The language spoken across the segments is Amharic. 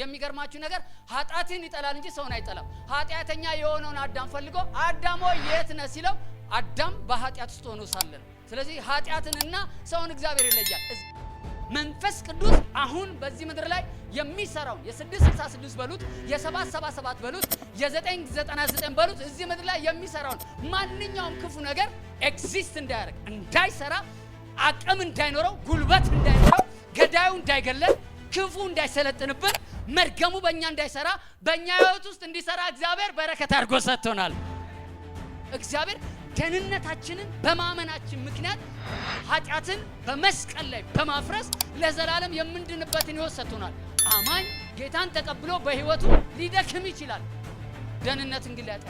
የሚገርማችሁ ነገር ኃጢአትን ይጠላል እንጂ ሰውን አይጠላም። ኃጢአተኛ የሆነውን አዳም ፈልጎ አዳሞ የት ነህ ሲለው አዳም በኃጢአት ውስጥ ሆኖ ሳለ ነው። ስለዚህ ኃጢአትንና ሰውን እግዚአብሔር ይለያል። መንፈስ ቅዱስ አሁን በዚህ ምድር ላይ የሚሰራውን የ666 በሉት የ777 በሉት የ999 በሉት እዚህ ምድር ላይ የሚሰራውን ማንኛውም ክፉ ነገር ኤግዚስት እንዳያደርግ እንዳይሰራ፣ አቅም እንዳይኖረው፣ ጉልበት እንዳይኖረው፣ ገዳዩ እንዳይገለል ክንፉ እንዳይሰለጥንብን፣ መርገሙ በእኛ እንዳይሰራ፣ በእኛ ህይወት ውስጥ እንዲሰራ እግዚአብሔር በረከት አድርጎ ሰጥቶናል። እግዚአብሔር ደህንነታችንን በማመናችን ምክንያት ኃጢአትን በመስቀል ላይ በማፍረስ ለዘላለም የምንድንበትን ህይወት ሰጥቶናል። አማኝ ጌታን ተቀብሎ በህይወቱ ሊደክም ይችላል። ደህንነትን ግን ሊያጣ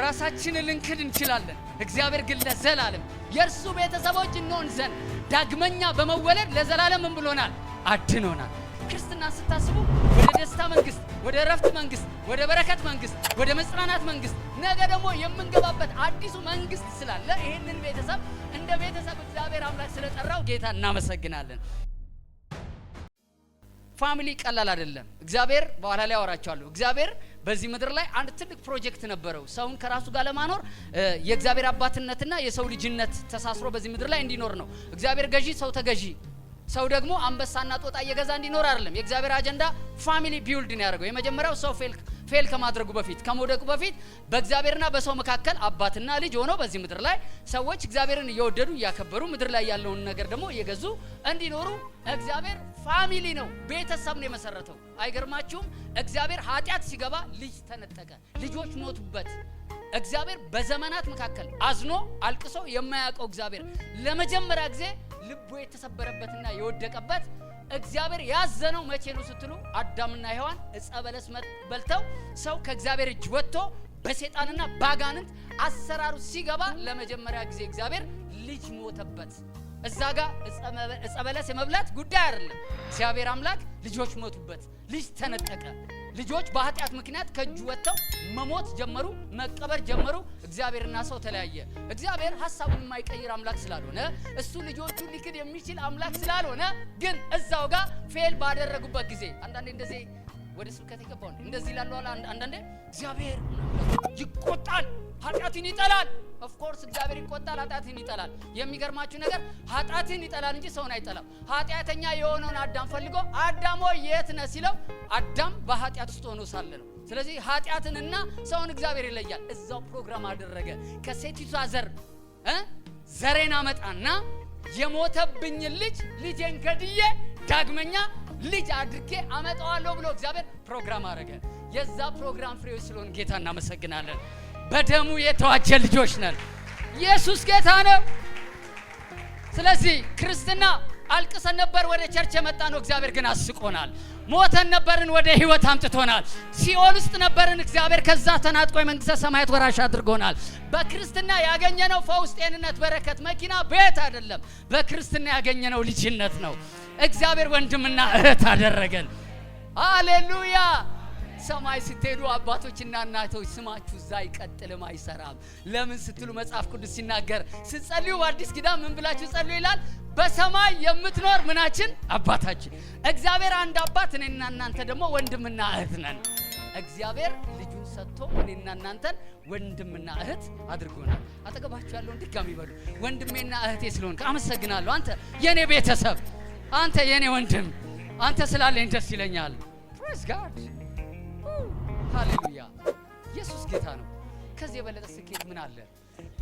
ራሳችንን ልንክድ እንችላለን። እግዚአብሔር ግን ለዘላለም የእርሱ ቤተሰቦች እንሆን ዘንድ ዳግመኛ በመወለድ ለዘላለም ምን ብሎናል? አድኖናል። ክርስትና ስታስቡ ወደ ደስታ መንግስት፣ ወደ እረፍት መንግስት፣ ወደ በረከት መንግስት፣ ወደ መጽናናት መንግስት፣ ነገ ደግሞ የምንገባበት አዲሱ መንግስት ስላለ ይህንን ቤተሰብ እንደ ቤተሰብ እግዚአብሔር አምላክ ስለጠራው ጌታ እናመሰግናለን። ፋሚሊ ቀላል አይደለም። እግዚአብሔር በኋላ ላይ አወራቸዋለሁ። እግዚአብሔር በዚህ ምድር ላይ አንድ ትልቅ ፕሮጀክት ነበረው። ሰውን ከራሱ ጋር ለማኖር የእግዚአብሔር አባትነትና የሰው ልጅነት ተሳስሮ በዚህ ምድር ላይ እንዲኖር ነው። እግዚአብሔር ገዢ፣ ሰው ተገዢ። ሰው ደግሞ አንበሳና ጦጣ እየገዛ እንዲኖር አይደለም። የእግዚአብሔር አጀንዳ ፋሚሊ ቢውልድ ነው ያደርገው። የመጀመሪያው ሰው ፌል ፌል ከማድረጉ በፊት ከመውደቁ በፊት በእግዚአብሔርና በሰው መካከል አባትና ልጅ ሆነው በዚህ ምድር ላይ ሰዎች እግዚአብሔርን እየወደዱ እያከበሩ ምድር ላይ ያለውን ነገር ደግሞ እየገዙ እንዲኖሩ እግዚአብሔር ፋሚሊ ነው፣ ቤተሰብ ነው የመሰረተው። አይገርማችሁም? እግዚአብሔር ኃጢአት ሲገባ ልጅ ተነጠቀ፣ ልጆች ሞቱበት። እግዚአብሔር በዘመናት መካከል አዝኖ አልቅሶ የማያውቀው እግዚአብሔር ለመጀመሪያ ጊዜ ልቡ የተሰበረበትና የወደቀበት እግዚአብሔር ያዘነው መቼ ነው ስትሉ አዳምና ሔዋን እጸበለስ በለስ በልተው ሰው ከእግዚአብሔር እጅ ወጥቶ በሰይጣንና ባጋንንት አሰራሩ ሲገባ ለመጀመሪያ ጊዜ እግዚአብሔር ልጅ ሞተበት። እዛ ጋር ዕፀ በለስ የመብላት ጉዳይ አይደለም። እግዚአብሔር አምላክ ልጆች ሞቱበት፣ ልጅ ተነጠቀ። ልጆች በኃጢአት ምክንያት ከእጁ ወጥተው መሞት ጀመሩ፣ መቀበር ጀመሩ። እግዚአብሔርና ሰው ተለያየ። እግዚአብሔር ሀሳቡን የማይቀይር አምላክ ስላልሆነ፣ እሱ ልጆቹ ሊክድ የሚችል አምላክ ስላልሆነ ግን እዛው ጋር ፌል ባደረጉበት ጊዜ አንዳንዴ እንደዚህ ወደ ስብከት የገባው እንደዚህ ላሉ አለ። አንዳንዴ እግዚአብሔር ይቆጣል፣ ኃጢአትን ይጠላል። ኦፍኮርስ እግዚአብሔር ይቆጣል፣ ኃጢአትን ይጠላል። የሚገርማችሁ ነገር ኃጢአትን ይጠላል እንጂ ሰውን አይጠላም። ኃጢአተኛ የሆነውን አዳም ፈልጎ አዳሞ የት ነህ ሲለው አዳም በኃጢአት ውስጥ ሆኖ ሳለ ነው። ስለዚህ ኃጢአትንና ሰውን እግዚአብሔር ይለያል። እዛው ፕሮግራም አደረገ። ከሴቲቷ ዘር ዘሬን አመጣና የሞተብኝን ልጅ ልጄን ከድዬ ዳግመኛ ልጅ አድርጌ አመጣዋለሁ ብሎ እግዚአብሔር ፕሮግራም አደረገ። የዛ ፕሮግራም ፍሬዎች ስለሆን ጌታ እናመሰግናለን። በደሙ የተዋጀ ልጆች ነን። ኢየሱስ ጌታ ነው። ስለዚህ ክርስትና አልቅሰን ነበር ወደ ቸርች የመጣ ነው። እግዚአብሔር ግን አስቆናል። ሞተን ነበርን፣ ወደ ህይወት አምጥቶናል። ሲኦል ውስጥ ነበርን፣ እግዚአብሔር ከዛ ተናጥቆ የመንግስተ ሰማያት ወራሽ አድርጎናል። በክርስትና ያገኘነው ፈውስ፣ ጤንነት፣ በረከት፣ መኪና፣ ቤት አይደለም። በክርስትና ያገኘነው ልጅነት ነው። እግዚአብሔር ወንድምና እህት አደረገን። አሌሉያ። ሰማይ ስትሄዱ አባቶችና እናቶች ስማችሁ እዛ አይቀጥልም፣ አይሰራም። ለምን ስትሉ መጽሐፍ ቅዱስ ሲናገር ስትጸልዩ በአዲስ ኪዳን ምን ብላችሁ ጸልዩ ይላል? በሰማይ የምትኖር ምናችን አባታችን እግዚአብሔር አንድ አባት፣ እኔና እናንተ ደግሞ ወንድምና እህት ነን። እግዚአብሔር ልጁን ሰጥቶ እኔና እናንተን ወንድምና እህት አድርጎናል። አጠገባችሁ ያለውን ድጋሚ በሉ ወንድሜና እህቴ ስለሆንክ አመሰግናለሁ። አንተ የእኔ ቤተሰብ አንተ የኔ ወንድም አንተ ስላለኝ ደስ ይለኛል። ፕሬዝ ጋድ ሃሌሉያ። ኢየሱስ ጌታ ነው። ከዚህ የበለጠ ስኬት ምን አለ?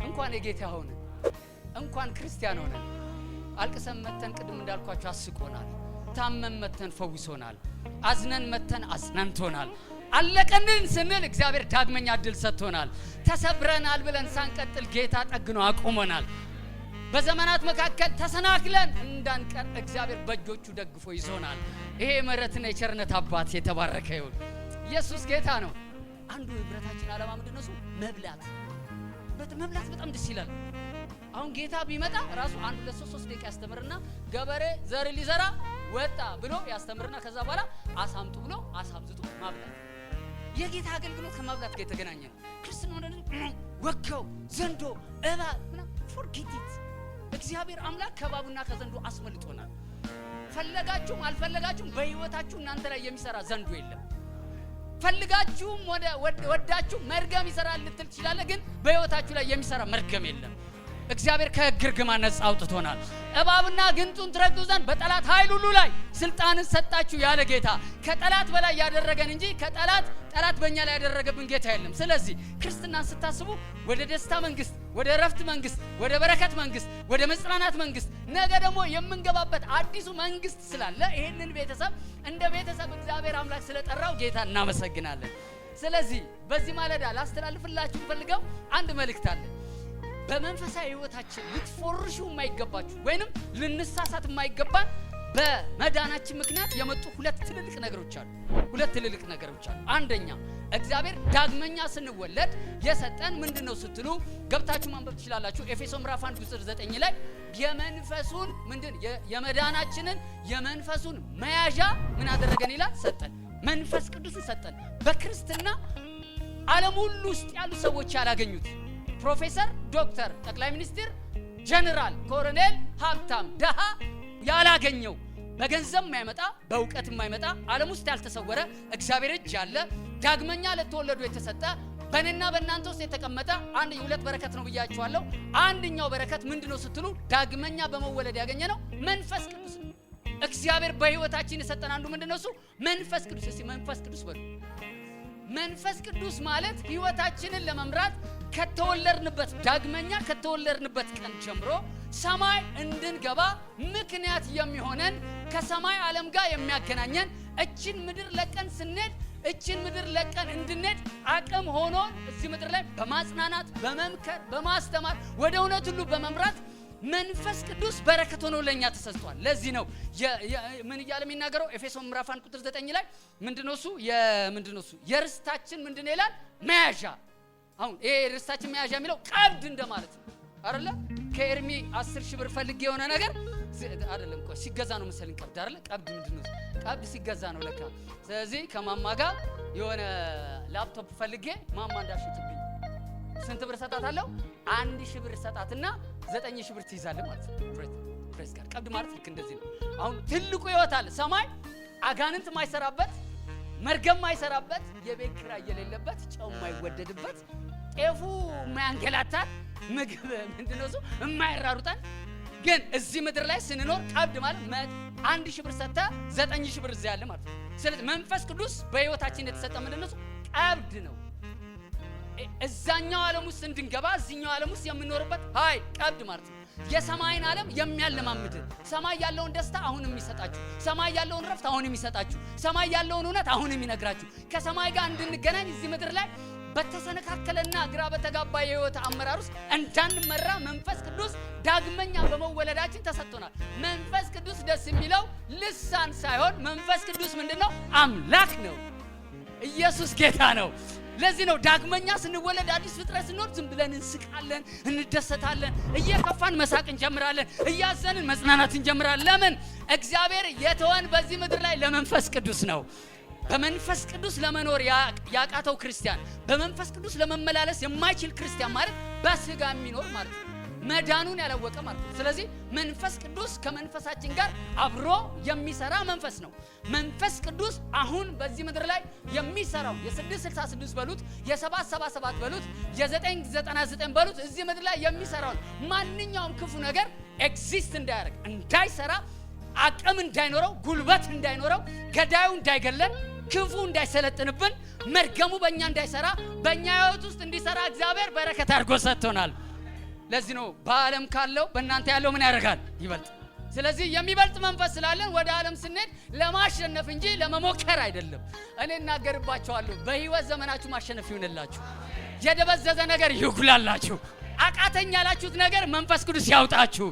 እንኳን የጌታ ሆነ እንኳን ክርስቲያን ሆነ አልቅሰን መተን ቅድም እንዳልኳቸው አስቆናል። ታመን መተን ፈውሶናል። አዝነን መተን አጽናንቶናል። አለቀንን ስንል እግዚአብሔር ዳግመኛ እድል ሰጥቶናል። ተሰብረናል ብለን ሳንቀጥል ጌታ ጠግኖ አቁሞናል። በዘመናት መካከል ተሰናክለን እንዳንቀር እግዚአብሔር በእጆቹ ደግፎ ይዞናል። ይሄ የምሕረትና የቸርነት አባት የተባረከ ይሁን። ኢየሱስ ጌታ ነው። አንዱ የህብረታችን ዓላማ ምንድን ነው? እሱ መብላት መብላት በጣም ደስ ይላል። አሁን ጌታ ቢመጣ ራሱ አንድ ሁለት ሶስት ሶስት ደቂቃ ያስተምርና ገበሬ ዘር ሊዘራ ወጣ ብሎ ያስተምርና ከዛ በኋላ አሳምጡ ብሎ አሳምዝቶ ማብላት የጌታ አገልግሎት ከማብላት ጋር የተገናኘ ነው። ክርስትና ወከው ዘንዶ እባ ምናምን ፎርጌት ኢት እግዚአብሔር አምላክ ከባቡና ከዘንዱ አስመልጦናል። ፈለጋችሁም አልፈለጋችሁም በህይወታችሁ እናንተ ላይ የሚሰራ ዘንዱ የለም። ፈልጋችሁም ወዳችሁ መርገም ይሰራል ልትል ትችላለህ፣ ግን በህይወታችሁ ላይ የሚሰራ መርገም የለም። እግዚአብሔር ከሕግ ርግማን ነጻ አውጥቶናል። እባብና ግንጡን ትረግጡ ዘንድ በጠላት ኃይል ሁሉ ላይ ስልጣንን ሰጣችሁ ያለ ጌታ ከጠላት በላይ ያደረገን እንጂ ከጠላት ጠላት በእኛ ላይ ያደረገብን ጌታ የለም። ስለዚህ ክርስትናን ስታስቡ ወደ ደስታ መንግስት፣ ወደ እረፍት መንግስት፣ ወደ በረከት መንግስት፣ ወደ መጽናናት መንግስት፣ ነገ ደግሞ የምንገባበት አዲሱ መንግስት ስላለ ይህንን ቤተሰብ እንደ ቤተሰብ እግዚአብሔር አምላክ ስለጠራው ጌታ እናመሰግናለን። ስለዚህ በዚህ ማለዳ ላስተላልፍላችሁ ፈልገው አንድ መልእክት አለን። በመንፈሳዊ ህይወታችን ልትፎርሹ የማይገባችሁ ወይንም ልንሳሳት የማይገባን በመዳናችን ምክንያት የመጡ ሁለት ትልልቅ ነገሮች አሉ። ሁለት ትልልቅ ነገሮች አሉ። አንደኛ እግዚአብሔር ዳግመኛ ስንወለድ የሰጠን ምንድን ነው ስትሉ ገብታችሁ ማንበብ ትችላላችሁ። ኤፌሶ ምዕራፍ 1 ቁጥር 9 ላይ የመንፈሱን ምንድን የመዳናችንን የመንፈሱን መያዣ ምን አደረገን ይላል? ሰጠን። መንፈስ ቅዱስን ሰጠን። በክርስትና ዓለም ሁሉ ውስጥ ያሉ ሰዎች ያላገኙት ፕሮፌሰር፣ ዶክተር፣ ጠቅላይ ሚኒስትር፣ ጀነራል፣ ኮሎኔል፣ ሀብታም፣ ደሃ ያላገኘው በገንዘብ የማይመጣ በእውቀት የማይመጣ ዓለም ውስጥ ያልተሰወረ እግዚአብሔር እጅ ያለ ዳግመኛ ለተወለዱ የተሰጠ በእኔና በእናንተ ውስጥ የተቀመጠ አንድ የሁለት በረከት ነው ብያችኋለሁ። አንደኛው በረከት ነው ስትሉ ዳግመኛ በመወለድ ያገኘ ነው መንፈስ ቅዱስ ነው። እግዚአብሔር በህይወታችን የሰጠን አንዱ ምንድነው እሱ መንፈስ ቅዱስ። እስቲ መንፈስ ቅዱስ በሉ መንፈስ ቅዱስ ማለት ህይወታችንን ለመምራት ከተወለድንበት ዳግመኛ ከተወለድንበት ቀን ጀምሮ ሰማይ እንድንገባ ምክንያት የሚሆነን ከሰማይ ዓለም ጋር የሚያገናኘን እችን ምድር ለቀን ስንሄድ እችን ምድር ለቀን እንድንሄድ አቅም ሆኖ እዚህ ምድር ላይ በማጽናናት በመምከር በማስተማር ወደ እውነት ሁሉ በመምራት መንፈስ ቅዱስ በረከት ሆኖ ለእኛ ተሰጥቷል። ለዚህ ነው ምን እያለ የሚናገረው ኤፌሶን ምዕራፍ አንድ ቁጥር ዘጠኝ ላይ ምንድነው እሱ ምንድነው እሱ የርስታችን ምንድነው ይላል መያዣ። አሁን ይሄ ርስታችን መያዣ የሚለው ቀብድ እንደማለት ነው አይደለ? ከኤርሚ አስር ሺህ ብር ፈልግ የሆነ ነገር አይደለም እኮ ሲገዛ ነው መሰለኝ ቀብድ አይደለ? ቀብድ ምንድነው ቀብድ ሲገዛ ነው ለካ። ስለዚህ ከማማ ጋር የሆነ ላፕቶፕ ፈልጌ ማማ እንዳሸችብኝ ስንት ብር ሰጣታለሁ? አንድ ሺህ ብር ሰጣትና ዘጠኝ ሺህ ብር ትይዛለህ ማለት ነው። ፕሬስ ጋር ቀብድ ማለት ልክ እንደዚህ ነው። አሁን ትልቁ ህይወት አለ። ሰማይ አጋንንት ማይሰራበት፣ መርገም ማይሰራበት፣ የቤት ክራ የሌለበት፣ ጨው ማይወደድበት ጤፉ ማያንገላታት ምግብ ምንድን ነው እሱ የማይራሩጠን። ግን እዚህ ምድር ላይ ስንኖር ቀብድ ማለት አንድ ሺህ ብር ሰጥተህ ዘጠኝ ሺህ ብር እዚህ ያለ ማለት ነው። ስለዚህ መንፈስ ቅዱስ በህይወታችን የተሰጠ ምንድነው እሱ ቀብድ ነው። እዛኛው ዓለም ውስጥ እንድንገባ እዚኛው ዓለም ውስጥ የምንኖርበት ሀይ ቀብድ ማለት ነው። የሰማይን ዓለም የሚያለማምድ ሰማይ ያለውን ደስታ አሁን የሚሰጣችሁ፣ ሰማይ ያለውን ረፍት አሁን የሚሰጣችሁ፣ ሰማይ ያለውን እውነት አሁን የሚነግራችሁ፣ ከሰማይ ጋር እንድንገናኝ እዚህ ምድር ላይ በተሰነካከለና ግራ በተጋባ የህይወት አመራር ውስጥ እንዳንመራ መንፈስ ቅዱስ ዳግመኛ በመወለዳችን ተሰጥቶናል። መንፈስ ቅዱስ ደስ የሚለው ልሳን ሳይሆን መንፈስ ቅዱስ ምንድን ነው? አምላክ ነው። ኢየሱስ ጌታ ነው። ለዚህ ነው ዳግመኛ ስንወለድ አዲስ ፍጥረት ስንሆን ዝም ብለን እንስቃለን፣ እንደሰታለን። እየከፋን መሳቅ እንጀምራለን፣ እያዘንን መጽናናት እንጀምራለን። ለምን? እግዚአብሔር የተወን በዚህ ምድር ላይ ለመንፈስ ቅዱስ ነው። በመንፈስ ቅዱስ ለመኖር ያቃተው ክርስቲያን፣ በመንፈስ ቅዱስ ለመመላለስ የማይችል ክርስቲያን ማለት በስጋ የሚኖር ማለት ነው። መዳኑን ያላወቀ ማለት ነው። ስለዚህ መንፈስ ቅዱስ ከመንፈሳችን ጋር አብሮ የሚሰራ መንፈስ ነው። መንፈስ ቅዱስ አሁን በዚህ ምድር ላይ የሚሰራው የ666 በሉት የ777 በሉት የ999 በሉት እዚህ ምድር ላይ የሚሰራውን ማንኛውም ክፉ ነገር ኤግዚስት እንዳያደርግ እንዳይሰራ አቅም እንዳይኖረው ጉልበት እንዳይኖረው ገዳዩ እንዳይገለን ክፉ እንዳይሰለጥንብን መርገሙ በእኛ እንዳይሰራ በእኛ ሕይወት ውስጥ እንዲሰራ እግዚአብሔር በረከት አድርጎ ሰጥቶናል። ለዚህ ነው በዓለም ካለው በእናንተ ያለው ምን ያደርጋል ይበልጥ። ስለዚህ የሚበልጥ መንፈስ ስላለን ወደ ዓለም ስንሄድ ለማሸነፍ እንጂ ለመሞከር አይደለም። እኔ እናገርባቸዋለሁ፣ በህይወት ዘመናችሁ ማሸነፍ ይሁንላችሁ፣ የደበዘዘ ነገር ይጉላላችሁ፣ አቃተኝ ያላችሁት ነገር መንፈስ ቅዱስ ያውጣችሁ።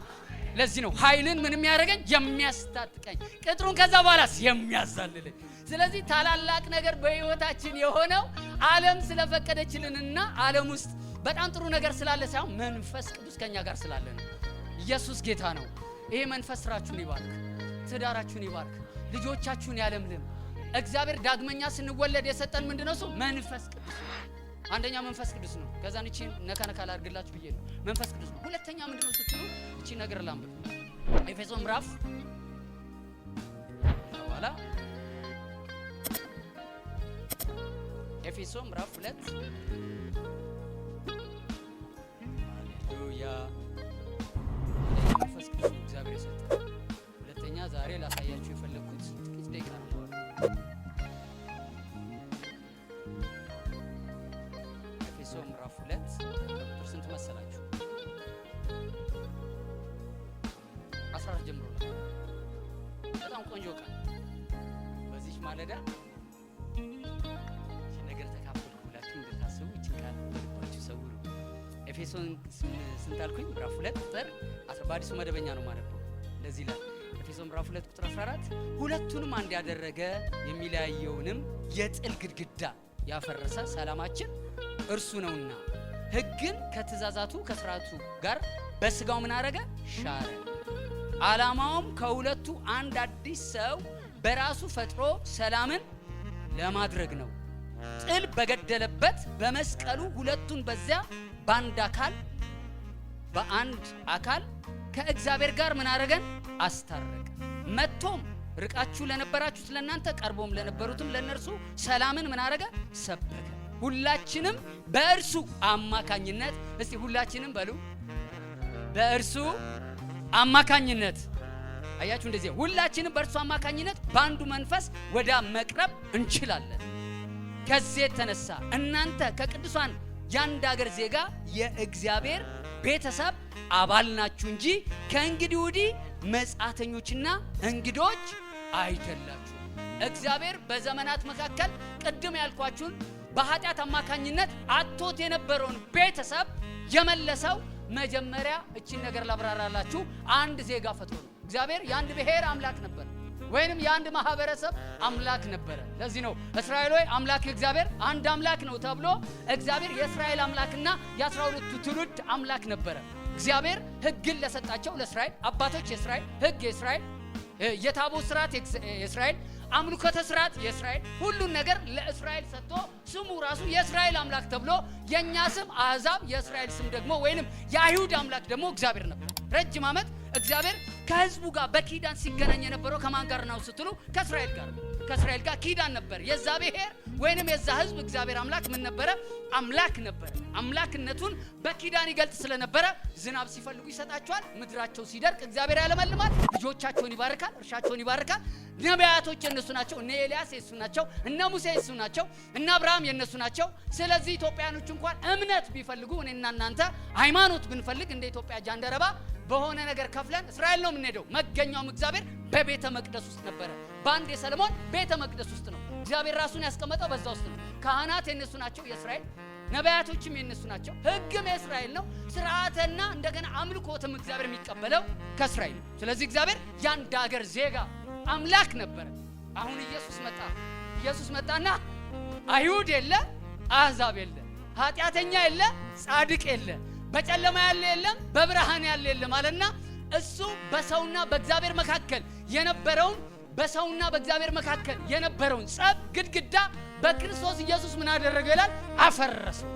ለዚህ ነው ኃይልን ምንም ያደረገኝ የሚያስታጥቀኝ ቅጥሩን ከዛ በኋላስ የሚያዛልልኝ። ስለዚህ ታላላቅ ነገር በህይወታችን የሆነው ዓለም ስለፈቀደችልንና ዓለም ውስጥ በጣም ጥሩ ነገር ስላለ ሳይሆን መንፈስ ቅዱስ ከኛ ጋር ስላለ ነው። ኢየሱስ ጌታ ነው። ይሄ መንፈስ ስራችሁን ይባርክ፣ ትዳራችሁን ይባርክ፣ ልጆቻችሁን ያለምልም። እግዚአብሔር ዳግመኛ ስንወለድ የሰጠን ምንድነው? እሱ መንፈስ ቅዱስ አንደኛ መንፈስ ቅዱስ ነው። ከዛን እቺ ነካነካ ነካ ላድርግላችሁ ብዬ ነው መንፈስ ቅዱስ ነው። ሁለተኛ ምንድነው ስትሉ እቺ ነገር ላንብብ ኤፌሶ ምዕራፍ ኋላ ኤፌሶ ምዕራፍ ሁለት ዛሬ ላሳያችሁ የፈለግኩት ጥቂት ደቂቃ ነው። ኤፌሶ ምዕራፍ ሁለት ቁጥር ስንት መሰላችሁ? አስራ አራት ጀምሮ በጣም ቆንጆ ቀን። በዚህ ማለዳ ነገር እንድታስቡ በልባችሁ ሰውሩ። ኤፌሶን ምዕራፍ ሁለት ቁጥር በአዲሱ መደበኛ ነው ማለት ነው። እንደዚህ ይላል የያዘው ምዕራፍ 2 ቁጥር 14 ሁለቱንም አንድ ያደረገ የሚለያየውንም የጥል ግድግዳ ያፈረሰ ሰላማችን እርሱ ነውና ህግን ከትእዛዛቱ ከስርዓቱ ጋር በስጋው ምን አረገ? ሻረ። አላማውም ከሁለቱ አንድ አዲስ ሰው በራሱ ፈጥሮ ሰላምን ለማድረግ ነው። ጥል በገደለበት በመስቀሉ ሁለቱን በዚያ በአንድ አካል በአንድ አካል ከእግዚአብሔር ጋር ምን አረገን? አስታረቀ። መጥቶም ርቃችሁ ለነበራችሁት ለእናንተ ቀርቦም ለነበሩትም ለእነርሱ ሰላምን ምን አረገ? ሰበከ። ሁላችንም በእርሱ አማካኝነት እስቲ ሁላችንም በሉ በእርሱ አማካኝነት አያችሁ፣ እንደዚህ ሁላችንም በእርሱ አማካኝነት በአንዱ መንፈስ ወደ መቅረብ እንችላለን። ከዚህ የተነሳ እናንተ ከቅዱሳን የአንድ አገር ዜጋ የእግዚአብሔር ቤተሰብ አባል ናችሁ እንጂ ከእንግዲህ ወዲህ መጻተኞችና እንግዶች አይደላችሁ። እግዚአብሔር በዘመናት መካከል ቅድም ያልኳችሁን በኃጢአት አማካኝነት አጥቶት የነበረውን ቤተሰብ የመለሰው መጀመሪያ እቺን ነገር ላብራራላችሁ። አንድ ዜጋ ፈጥሮ ነው። እግዚአብሔር የአንድ ብሔር አምላክ ነበር። ወይንም የአንድ ማህበረሰብ አምላክ ነበረ። ለዚህ ነው እስራኤል ሆይ አምላክ እግዚአብሔር አንድ አምላክ ነው ተብሎ እግዚአብሔር የእስራኤል አምላክና የአስራ ሁለቱ ትውልድ አምላክ ነበረ። እግዚአብሔር ሕግን ለሰጣቸው ለእስራኤል አባቶች የእስራኤል ሕግ የእስራኤል የታቦ ስርዓት የእስራኤል አምልኮተ ስርዓት የእስራኤል ሁሉን ነገር ለእስራኤል ሰጥቶ ስሙ ራሱ የእስራኤል አምላክ ተብሎ የእኛ ስም አሕዛብ የእስራኤል ስም ደግሞ ወይንም የአይሁድ አምላክ ደግሞ እግዚአብሔር ነበር። ረጅም ዓመት እግዚአብሔር ከህዝቡ ጋር በኪዳን ሲገናኝ የነበረው ከማን ጋር ነው ስትሉ፣ ከእስራኤል ጋር ከእስራኤል ጋር ኪዳን ነበር። የዛ ብሔር ወይንም የዛ ህዝብ እግዚአብሔር አምላክ ምን ነበረ? አምላክ ነበር። አምላክነቱን በኪዳን ይገልጽ ስለነበረ ዝናብ ሲፈልጉ ይሰጣቸዋል። ምድራቸው ሲደርቅ እግዚአብሔር ያለመልማል። ልጆቻቸውን ይባርካል። እርሻቸውን ይባርካል። ነቢያቶች የነሱ ናቸው። እነ ኤልያስ የእሱ ናቸው። እነ ሙሴ የሱ ናቸው። እነ አብርሃም የነሱ ናቸው። ስለዚህ ኢትዮጵያኖች እንኳን እምነት ቢፈልጉ እኔና እናንተ ሃይማኖት ብንፈልግ እንደ ኢትዮጵያ ጃንደረባ በሆነ ነገር ከፍለን እስራኤል ነው የምንሄደው። መገኛውም እግዚአብሔር በቤተ መቅደስ ውስጥ ነበረ። በአንድ የሰለሞን ቤተ መቅደስ ውስጥ ነው እግዚአብሔር ራሱን ያስቀመጠው፣ በዛ ውስጥ ነው። ካህናት የነሱ ናቸው የእስራኤል ነቢያቶችም የነሱ ናቸው። ህግም የእስራኤል ነው። ስርዓትና እንደገና አምልኮትም እግዚአብሔር የሚቀበለው ከእስራኤል ነው። ስለዚህ እግዚአብሔር የአንድ ሀገር ዜጋ አምላክ ነበረ። አሁን ኢየሱስ መጣ። ኢየሱስ መጣና አይሁድ የለ፣ አሕዛብ የለ፣ ኃጢአተኛ የለ፣ ጻድቅ የለ በጨለማ ያለ የለም፣ በብርሃን ያለ የለም አለና እሱ በሰውና በእግዚአብሔር መካከል የነበረውን በሰውና በእግዚአብሔር መካከል የነበረውን ጸብ ግድግዳ በክርስቶስ ኢየሱስ ምን አደረገ ይላል? አፈረሰው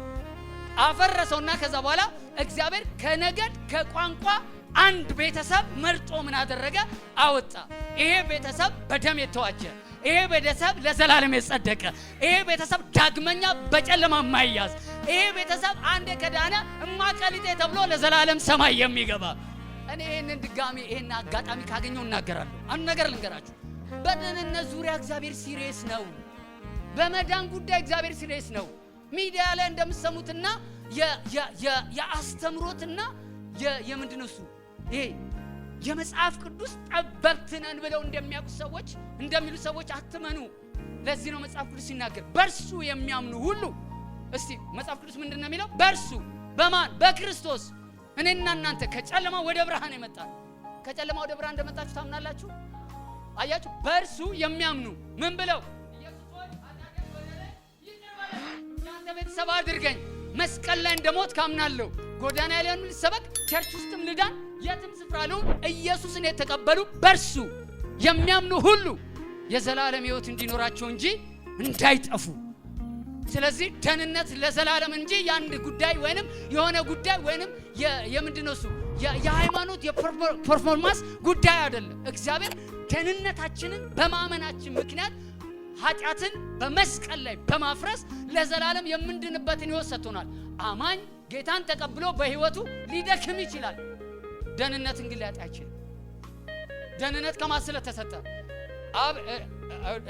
አፈረሰውና ከዛ በኋላ እግዚአብሔር ከነገድ ከቋንቋ አንድ ቤተሰብ መርጦ ምን አደረገ? አወጣ። ይሄ ቤተሰብ በደም የተዋጀ ይሄ ቤተሰብ ለዘላለም የጸደቀ ይሄ ቤተሰብ ዳግመኛ በጨለማ የማይያዝ ይሄ ቤተሰብ አንዴ ከዳነ እማቀሊጤ ተብሎ ለዘላለም ሰማይ የሚገባ እኔ ይህንን ድጋሚ ይህን አጋጣሚ ካገኘው እናገራለሁ። አንድ ነገር ልንገራችሁ። በደህንነት ዙሪያ እግዚአብሔር ሲሪየስ ነው። በመዳን ጉዳይ እግዚአብሔር ሲሪየስ ነው። ሚዲያ ላይ እንደምትሰሙትና የአስተምሮትና የምንድን እሱ ይሄ የመጽሐፍ ቅዱስ ጠበብት ነን ብለው እንደሚያውቁ ሰዎች እንደሚሉ ሰዎች አትመኑ። ለዚህ ነው መጽሐፍ ቅዱስ ሲናገር በእርሱ የሚያምኑ ሁሉ እስቲ መጽሐፍ ቅዱስ ምንድን ነው የሚለው? በእርሱ በማን በክርስቶስ እኔና እናንተ ከጨለማ ወደ ብርሃን የመጣን ከጨለማ ወደ ብርሃን እንደመጣችሁ ታምናላችሁ። አያችሁ፣ በእርሱ የሚያምኑ ምን ብለው ያንተ ቤተሰብ አድርገኝ፣ መስቀል ላይ እንደሞት ካምናለሁ፣ ጎዳና ላይ ልሰበክ፣ ቸርች ውስጥም ልዳን፣ የትም ስፍራ ልሁን፣ ኢየሱስን የተቀበሉ በእርሱ የሚያምኑ ሁሉ የዘላለም ሕይወት እንዲኖራቸው እንጂ እንዳይጠፉ ስለዚህ ደህንነት ለዘላለም እንጂ የአንድ ጉዳይ ወይንም የሆነ ጉዳይ ወይንም የምንድን ነው እሱ የሃይማኖት የፐርፎርማንስ ጉዳይ አይደለም። እግዚአብሔር ደህንነታችንን በማመናችን ምክንያት ኃጢአትን በመስቀል ላይ በማፍረስ ለዘላለም የምንድንበትን ህይወት ሰጥቶናል። አማኝ ጌታን ተቀብሎ በህይወቱ ሊደክም ይችላል። ደህንነት እንግዲህ ሊያጣ አይችልም። ደህንነት ከማን ስለተሰጠ? አብ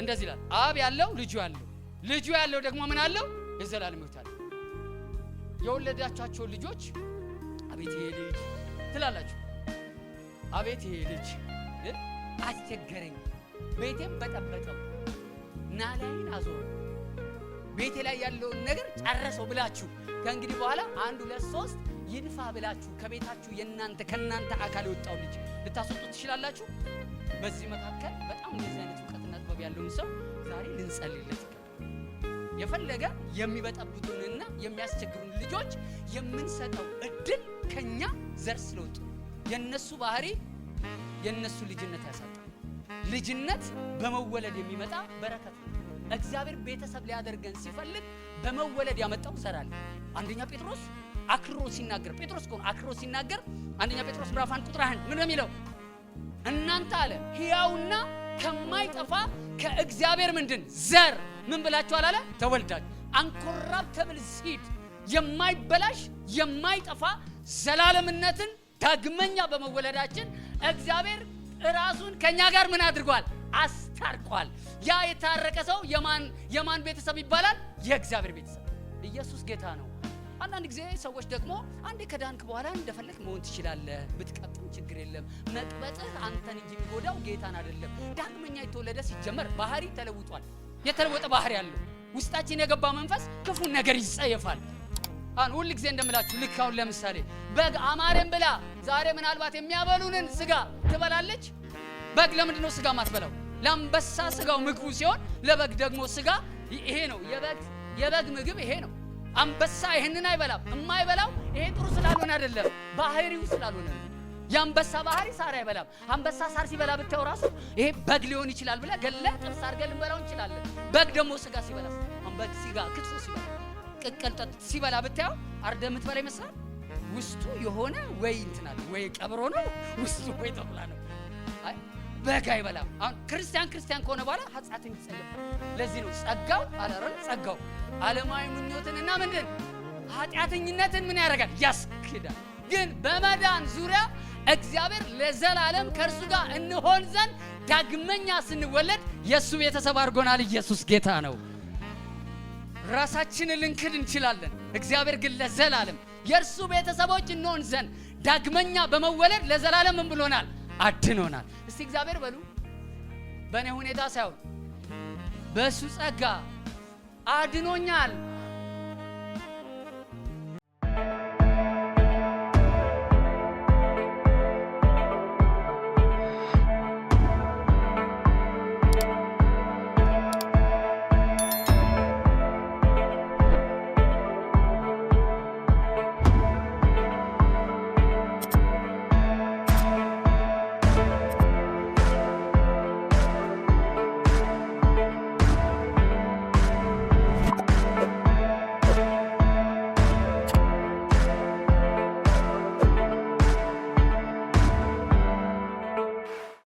እንደዚህ ይላል፣ አብ ያለው ልጁ ያለው ልጁ ያለው ደግሞ ምን አለው? የዘላለም ሕይወት አለው። የወለዳቻቸው ልጆች አቤት ይሄ ልጅ ትላላችሁ። አቤት ይሄ ልጅ አስቸገረኝ፣ ቤቴም በጠበጠው፣ ላይን አዞረ፣ ቤቴ ላይ ያለውን ነገር ጨረሰው ብላችሁ ከእንግዲህ በኋላ አንድ ሁለት ሶስት ይንፋ ብላችሁ ከቤታችሁ የእናንተ ከእናንተ አካል የወጣው ልጅ ልታስወጡ ትችላላችሁ። በዚህ መካከል በጣም እንደዚህ አይነት እውቀትና ጥበብ ያለውን ሰው ዛሬ ልንጸልይለት የፈለገ የሚበጠብጡንና የሚያስቸግሩን ልጆች የምንሰጠው እድል ከኛ ዘር ስለወጡ የነሱ ባህሪ የነሱ ልጅነት ያሳጣል። ልጅነት በመወለድ የሚመጣ በረከት ነው። እግዚአብሔር ቤተሰብ ሊያደርገን ሲፈልግ በመወለድ ያመጣው ዘር አለ። አንደኛ ጴጥሮስ አክሮ ሲናገር ጴጥሮስ ከሆነ አክሮ ሲናገር አንደኛ ጴጥሮስ ምዕራፍ አንድ ቁጥር አንድ ምን ነው የሚለው? እናንተ አለ ሕያውና ከማይጠፋ ከእግዚአብሔር ምንድን ዘር ምን ብላችኋል አለ? ተወልዳችሁ አንኮራፕተብል ሲድ የማይበላሽ የማይጠፋ ዘላለምነትን ዳግመኛ በመወለዳችን እግዚአብሔር ራሱን ከኛ ጋር ምን አድርጓል? አስታርቋል። ያ የታረቀ ሰው የማን የማን ቤተሰብ ይባላል? የእግዚአብሔር ቤተሰብ። ኢየሱስ ጌታ ነው። አንዳንድ ጊዜ ሰዎች ደግሞ አንዴ ከዳንክ በኋላ እንደፈለግ መሆን ትችላለህ፣ ብትቀጥም ችግር የለም። መቅበጥህ አንተን እንጂ የሚጎዳው ጌታን አይደለም። ዳግመኛ የተወለደ ሲጀመር ባህሪ ተለውጧል። የተለወጠ ባህሪ ያለው ውስጣችን የገባ መንፈስ ክፉ ነገር ይጸየፋል። አሁን ሁል ጊዜ እንደምላችሁ ልክ አሁን ለምሳሌ በግ አማረን ብላ ዛሬ ምናልባት የሚያበሉንን ስጋ ትበላለች። በግ ለምንድን ነው ስጋ ማትበላው? ለአንበሳ ስጋው ምግቡ ሲሆን ለበግ ደግሞ ስጋ ይሄ ነው። የበግ የበግ ምግብ ይሄ ነው። አንበሳ ይህንን አይበላም። የማይበላው ይሄ ጥሩ ስላልሆነ አይደለም፣ ባህሪው ስላልሆነ የአንበሳ ባህሪ ሳር አይበላም። አንበሳ ሳር ሲበላ ብታየው ራሱ ይሄ በግ ሊሆን ይችላል ብለህ ገለህ ጥብስ አድርገህ ልንበላው እንችላለን። በግ ደግሞ ስጋ ሲበላ አንበግ ሲጋ ክትፎ ሲበላ ቅቅል ጠጥ ሲበላ ብታየው አርደህ የምትበላ ይመስላል። ውስጡ የሆነ ወይ እንትናል ወይ ቀብሮ ነው ውስጡ ወይ ተብላ ነው። አይ በግ አይበላም። አሁን ክርስቲያን ክርስቲያን ከሆነ በኋላ ኃጢአትን ይጸልይ። ለዚህ ነው ጸጋው አለረን ጸጋው ዓለማዊ ምኞትንና ምንድን ኃጢአተኝነትን ምን ያደርጋል? ያስክዳል። ግን በመዳን ዙሪያ እግዚአብሔር ለዘላለም ከእርሱ ጋር እንሆን ዘንድ ዳግመኛ ስንወለድ የእሱ ቤተሰብ አድርጎናል። ኢየሱስ ጌታ ነው። ራሳችንን ልንክድ እንችላለን። እግዚአብሔር ግን ለዘላለም የእርሱ ቤተሰቦች እንሆን ዘንድ ዳግመኛ በመወለድ ለዘላለም ምን ብሎናል? አድኖናል። እስቲ እግዚአብሔር በሉ በእኔ ሁኔታ ሳይሆን በእሱ ጸጋ አድኖኛል።